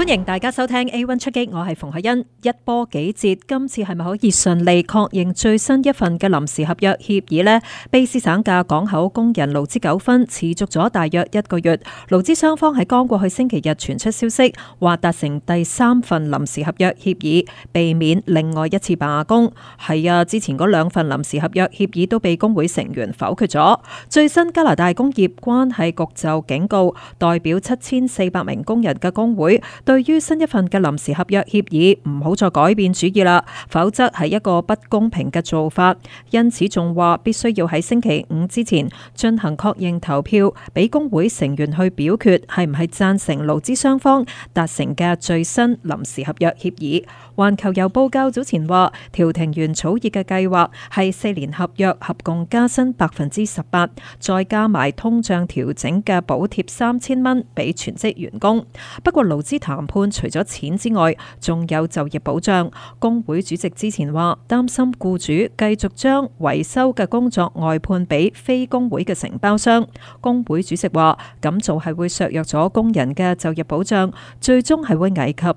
歡迎大家收聽 A1 出擊，我係馮凱欣。一波幾折，今次係咪可以順利確認最新一份嘅臨時合約協議呢？卑詩省嘅港口工人勞資糾紛持續咗大約一個月，勞資雙方喺剛過去星期日傳出消息，話達成第三份臨時合約協議，避免另外一次罷工。係啊，之前嗰兩份臨時合約協議都被工會成員否決咗。最新加拿大工業關係局就警告，代表七千四百名工人嘅工會。對於新一份嘅臨時合約協議，唔好再改變主意啦，否則係一個不公平嘅做法。因此仲話必須要喺星期五之前進行確認投票，俾工會成員去表決係唔係贊成勞資雙方達成嘅最新臨時合約協議。環球郵報較早前話，調停員草擬嘅計劃係四年合約合共加薪百分之十八，再加埋通脹調整嘅補貼三千蚊俾全職員工。不過勞資談談判除咗錢之外，仲有就業保障。工會主席之前話擔心僱主繼續將維修嘅工作外判俾非工會嘅承包商。工會主席話咁做係會削弱咗工人嘅就業保障，最終係會危及業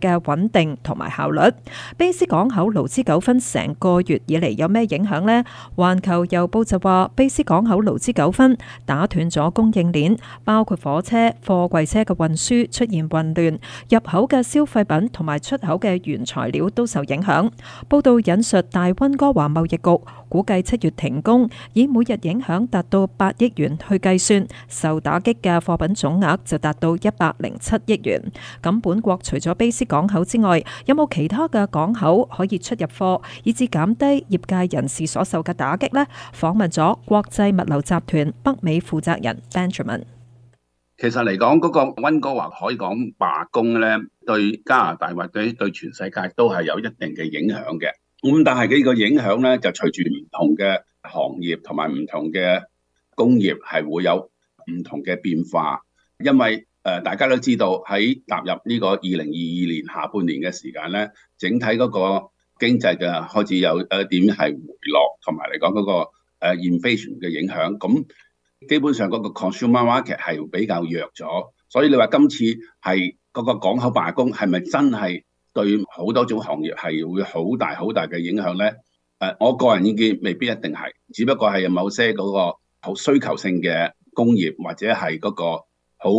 界嘅穩定同埋效率。卑詩港口勞資糾紛成個月以嚟有咩影響呢？環球郵報就話卑詩港口勞資糾紛打斷咗供應鏈，包括火車、貨櫃車嘅運輸出現混亂。入口嘅消費品同埋出口嘅原材料都受影響。報道引述大温哥華貿易局估計七月停工，以每日影響達到八億元去計算，受打擊嘅貨品總額就達到一百零七億元。咁本國除咗卑詩港口之外，有冇其他嘅港口可以出入貨，以至減低業界人士所受嘅打擊呢？訪問咗國際物流集團北美負責人 Benjamin。其實嚟講，嗰個温哥華海港罷工咧，對加拿大或者對全世界都係有一定嘅影響嘅。咁但係呢個影響咧，就隨住唔同嘅行業同埋唔同嘅工業係會有唔同嘅變化。因為誒，大家都知道喺踏入呢個二零二二年下半年嘅時間咧，整體嗰個經濟就開始有誒點係回落，同埋嚟講嗰個誒 inflation 嘅影響咁。基本上個 consumer market 係比較弱咗，所以你話今次係個港口罷工係咪真係對好多種行業係會好大好大嘅影響咧？誒，uh，我個人意見未必一定係，只不過係某些個好需求性嘅工業或者係嗰個好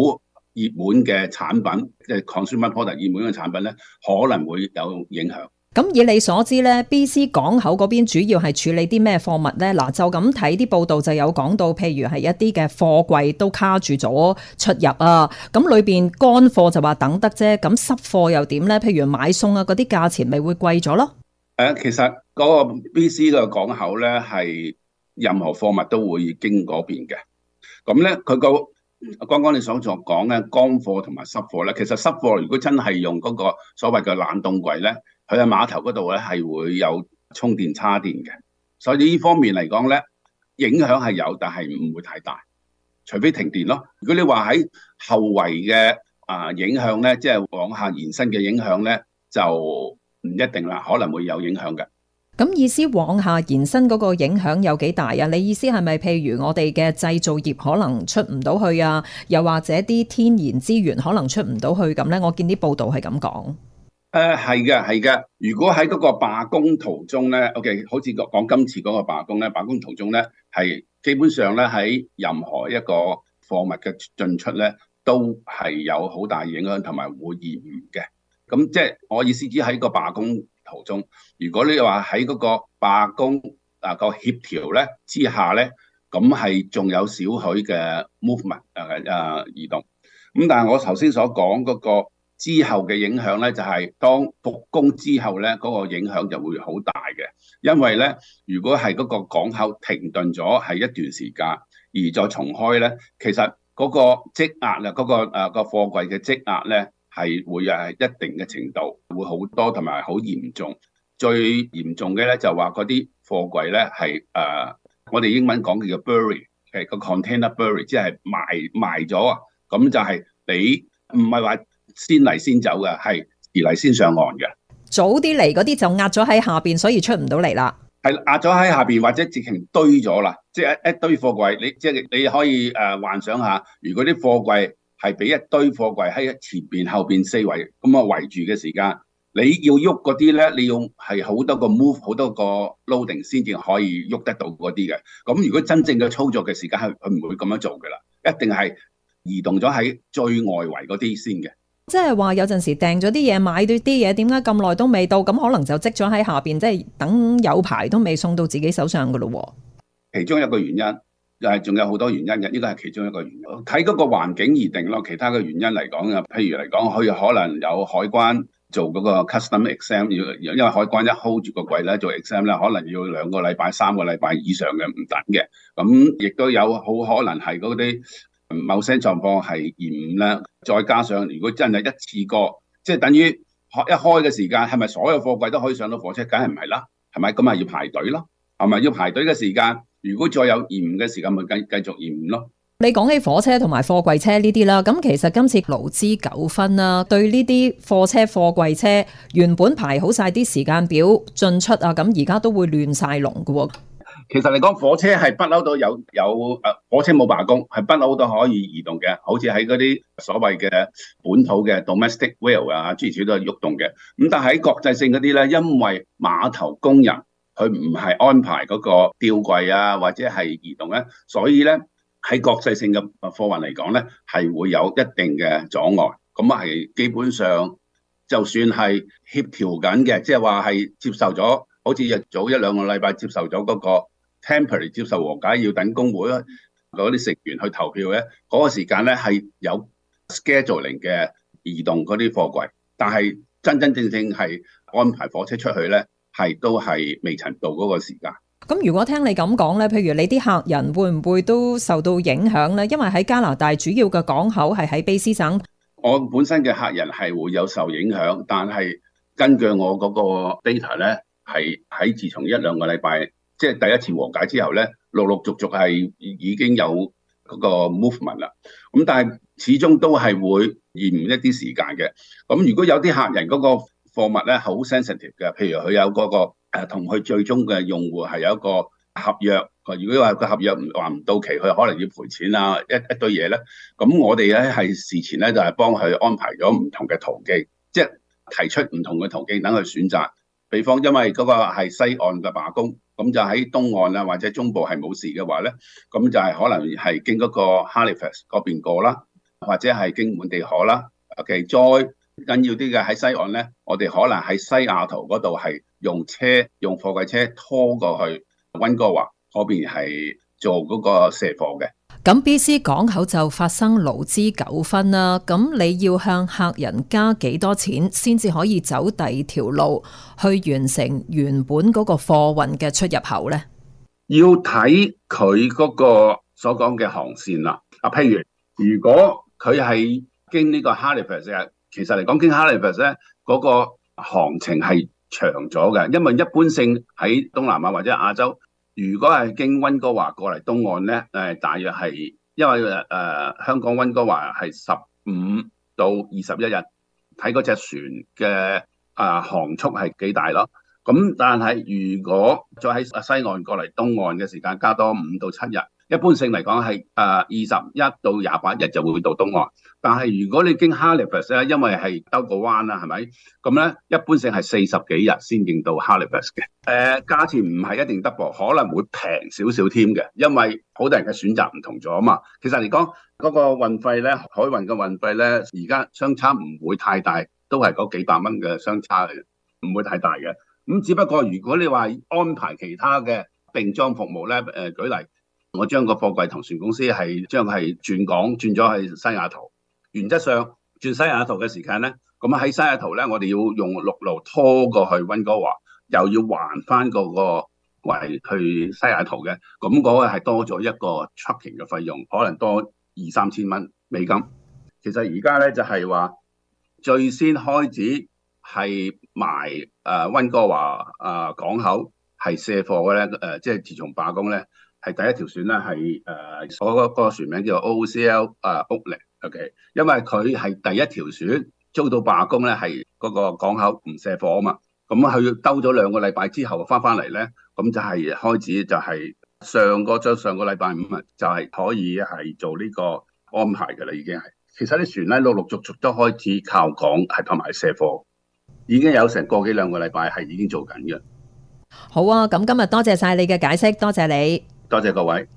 熱門嘅產品，即係 consumer product 熱門嘅產品咧，可能會有影響。咁以你所知咧，B.C. 港口嗰邊主要係處理啲咩貨物咧？嗱、啊，就咁睇啲報道就有講到，譬如係一啲嘅貨櫃都卡住咗出入啊。咁裏邊乾貨就話等得啫，咁濕貨又點咧？譬如買餸啊嗰啲價錢咪會貴咗咯。誒，其實嗰個 B.C. 嘅港口咧係任何貨物都會經嗰邊嘅。咁咧佢個剛剛你所講咧乾貨同埋濕貨咧，其實濕貨如果真係用嗰個所謂嘅冷凍櫃咧，佢喺碼頭嗰度咧，係會有充電插電嘅，所以呢方面嚟講咧，影響係有，但係唔會太大，除非停電咯。如果你話喺後圍嘅啊影響咧，即係往下延伸嘅影響咧，就唔一定啦，可能會有影響嘅。咁意思往下延伸嗰個影響有幾大啊？你意思係咪譬如我哋嘅製造業可能出唔到去啊？又或者啲天然資源可能出唔到去咁咧？我見啲報道係咁講。誒係嘅係嘅，如果喺嗰個罷工途中咧，OK，好似講今次嗰個罷工咧，罷工途中咧，係基本上咧，喺任何一個貨物嘅進出咧，都係有好大影響同埋會延緩嘅。咁即係我意思只喺個罷工途中，如果你話喺嗰個罷工啊個協調咧之下咧，咁係仲有少許嘅 movement 誒、啊、誒移動。咁但係我頭先所講嗰、嗰個。之後嘅影響咧，就係當復工之後咧，嗰個影響就會好大嘅。因為咧，如果係嗰個港口停頓咗係一段時間，而再重開咧，其實嗰個積壓啊，嗰個誒個貨櫃嘅積壓咧，係會係一定嘅程度會好多同埋好嚴重。最嚴重嘅咧就話嗰啲貨櫃咧係誒，我哋英文講嘅叫 bury，係個 container bury，即係埋埋咗啊，咁就係你唔係話。先嚟先走嘅，係而嚟先上岸嘅。早啲嚟嗰啲就壓咗喺下邊，所以出唔到嚟啦。係壓咗喺下邊，或者直情堆咗啦，即係一堆貨櫃。你即係你可以誒、呃、幻想下，如果啲貨櫃係俾一堆貨櫃喺前邊、後邊四圍咁啊圍住嘅時間，你要喐嗰啲咧，你要係好多個 move、好多個 loading 先至可以喐得到嗰啲嘅。咁如果真正嘅操作嘅時間，佢佢唔會咁樣做嘅啦，一定係移動咗喺最外圍嗰啲先嘅。即係話有陣時訂咗啲嘢買咗啲嘢，點解咁耐都未到？咁可能就積咗喺下邊，即係等有排都未送到自己手上嘅咯。其中一個原因又係仲有好多原因嘅，呢個係其中一個原因，睇嗰個，個環境而定咯。其他嘅原因嚟講啊，譬如嚟講佢可能有海關做嗰個 custom exam，要因為海關一 hold 住個櫃咧做 exam 咧，可能要兩個禮拜三個禮拜以上嘅唔等嘅。咁亦都有好可能係嗰啲。某些狀況係延誤啦，再加上如果真係一次過，即係等於一開嘅時間，係咪所有貨櫃都可以上到火車？梗係唔係啦，係咪？咁啊要排隊咯，係咪？要排隊嘅時間，如果再有延誤嘅時間，咪繼繼續延誤咯。你講起火車同埋貨櫃車呢啲啦，咁其實今次勞資糾紛啊，對呢啲貨車貨櫃車原本排好晒啲時間表進出啊，咁而家都會亂晒龍噶。其實你講、啊，火車係不嬲都有有誒，火車冇罷工，係不嬲都可以移動嘅，好似喺嗰啲所謂嘅本土嘅 domestic rail 啊，諸如此類都喐動嘅。咁但係喺國際性嗰啲咧，因為碼頭工人佢唔係安排嗰個吊櫃啊，或者係移動咧，所以咧喺國際性嘅貨運嚟講咧，係會有一定嘅阻礙。咁啊，係基本上就算係協調緊嘅，即係話係接受咗，好似日早一兩個禮拜接受咗嗰、嗰個。Temporary 接受和解要等工會嗰啲成員去投票咧，嗰、那個時間咧係有 scheduling 嘅移動嗰啲貨櫃，但係真真正正係安排火車出去咧，係都係未曾到嗰個時間。咁如果聽你咁講咧，譬如你啲客人會唔會都受到影響咧？因為喺加拿大主要嘅港口係喺卑詩省。我本身嘅客人係會有受影響，但係根據我嗰個 data 咧，係喺自從一兩個禮拜。即係第一次和解之後咧，陸陸續續係已經有嗰個 movement 啦。咁但係始終都係會延誤一啲時間嘅。咁如果有啲客人嗰個貨物咧好 sensitive 嘅，譬如佢有嗰個、誒、同佢最終嘅用戶係有一個合約。如果話個合約唔話唔到期，佢可能要賠錢啊，一一堆嘢咧。咁我哋咧係事前咧就係、是、幫佢安排咗唔同嘅途徑，即係提出唔同嘅途徑等佢選擇。比方因為嗰個係西岸嘅罷工。咁就喺東岸啦，或者中部係冇事嘅話咧，咁就係可能係經嗰個 Halifax 嗰邊過啦，或者係經滿地可啦。其實再緊要啲嘅喺西岸咧，我哋可能喺西雅圖嗰度係用車用貨櫃車拖過去溫哥華嗰邊係做嗰個卸貨嘅。咁 B C 港口就發生勞資糾紛啦。咁你要向客人加幾多錢先至可以走第二條路去完成原本嗰個貨運嘅出入口呢？要睇佢嗰個所講嘅航線啦。啊，譬如如果佢係經呢個 Halifax 嘅其實其實嚟講經 Halifax 嘅嗰個航程係長咗嘅，因為一般性喺東南亞或者亞洲。如果係經温哥華過嚟東岸咧，大約係因為誒、呃、香港温哥華係十五到二十一日，睇嗰隻船嘅、呃、航速係幾大咯。咁、嗯、但係如果再喺西岸過嚟東岸嘅時間加多五到七日。一般性嚟講係誒二十一到廿八日就會到東岸，但係如果你經哈利佛斯咧，因為係兜個彎啦，係咪咁咧？一般性係四十幾日先應到哈利佛斯嘅。誒價錢唔係一定 double，可能會平少少添嘅，因為好多人嘅選擇唔同咗啊嘛。其實嚟講嗰個運費咧，海運嘅運費咧，而家相差唔會太大，都係嗰幾百蚊嘅相差嚟，唔會太大嘅。咁只不過如果你話安排其他嘅並裝服務咧，誒、呃、舉例。我將個貨櫃同船公司係將係轉港轉咗去西雅圖。原則上轉西雅圖嘅時間咧，咁喺西雅圖咧，我哋要用陸路拖過去溫哥華，又要還翻嗰個櫃去西雅圖嘅，咁嗰個係多咗一個 trucking 嘅費用，可能多二三千蚊美金。其實而家咧就係話最先開始係埋誒溫哥華啊港口係卸貨嘅咧，誒即係自從罷工咧。係第一條船咧，係誒，我嗰個船名叫做 OCL 啊，屋崙 O.K.，因為佢係第一條船遭到罷工咧，係嗰個港口唔卸貨啊嘛。咁佢兜咗兩個禮拜之後翻翻嚟咧，咁就係開始就係上個將上個禮拜五啊，就係可以係做呢個安排㗎啦，已經係。其實啲船咧陸陸續續都開始靠港係同埋卸貨，已經有成個幾兩個禮拜係已經做緊㗎。好啊，咁今日多謝晒你嘅解釋，多謝你。多謝各位。